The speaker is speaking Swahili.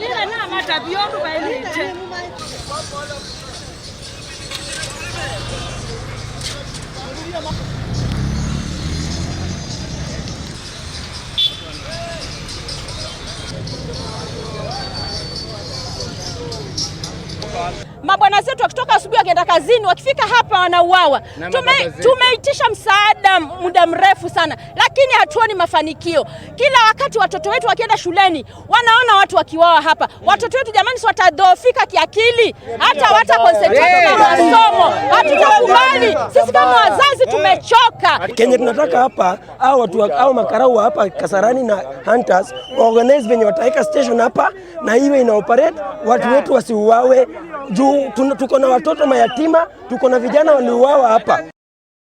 lílẹ̀ náà máa dàbí ọ̀rùn bá ilé jẹ. Thank you. mabwana zetu wakitoka asubuhi wakienda kazini, wakifika hapa wanauawa. Tumeitisha msaada muda mrefu sana, lakini hatuoni mafanikio. Kila wakati watoto wetu wakienda shuleni wanaona watu wakiwawa hapa. Watoto wetu jamani, si watadhoofika kiakili, hata wata concentrate na masomo. Hatutakubali sisi kama wazazi, tumechoka. Kenye tunataka hapa au watu au makarau hapa Kasarani na Hunters organize venye wataweka station hapa na iwe ina operate watu wetu wasiuawe juu tuko na watoto mayatima, tuko na vijana waliuawa hapa.